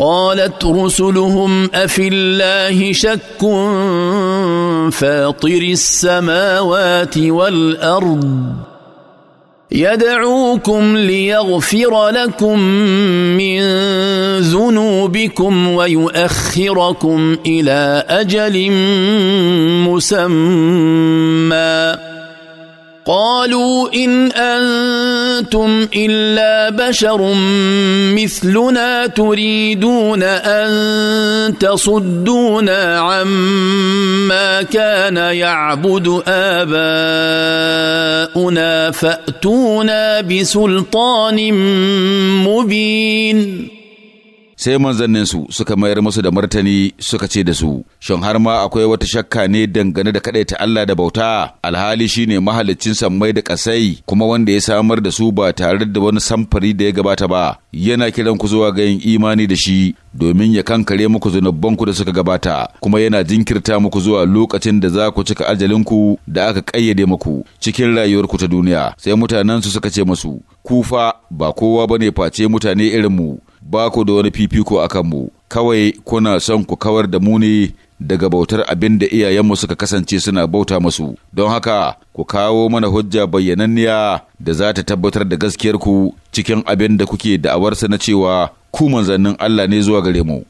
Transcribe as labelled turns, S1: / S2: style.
S1: قالت رسلهم افي الله شك فاطر السماوات والارض يدعوكم ليغفر لكم من ذنوبكم ويؤخركم الى اجل مسمى قالوا ان انتم الا بشر مثلنا تريدون ان تصدونا عما كان يعبد اباؤنا فاتونا بسلطان مبين sai
S2: manzanninsu suka mayar musu da martani suka ce da su, shin har ma akwai wata shakka ne dangane da ta Allah da bauta, alhali shine mahaliccin san sammai da kasai. kuma wanda ya samar da su ba tare da wani samfari da ya gabata ba, yana kiran ku zuwa ga yin imani da shi domin ya kankare muku ku da suka gabata, kuma yana jinkirta muku zuwa lokacin da za ku cika ajalin ku da aka kayyade muku cikin rayuwarku ta duniya. Sai mutanensu suka ce masu. kufa ba kowa bane face mutane irin mu. ba ku da wani fifiko a kanmu, kawai kuna son ku kawar da mu ne daga bautar abin da iyayenmu suka kasance suna bauta masu, don haka ku kawo mana hujja bayyananniya da za ta tabbatar da gaskiyarku cikin abin da kuke da'awarsa na cewa ku manzannin Allah ne zuwa gare mu.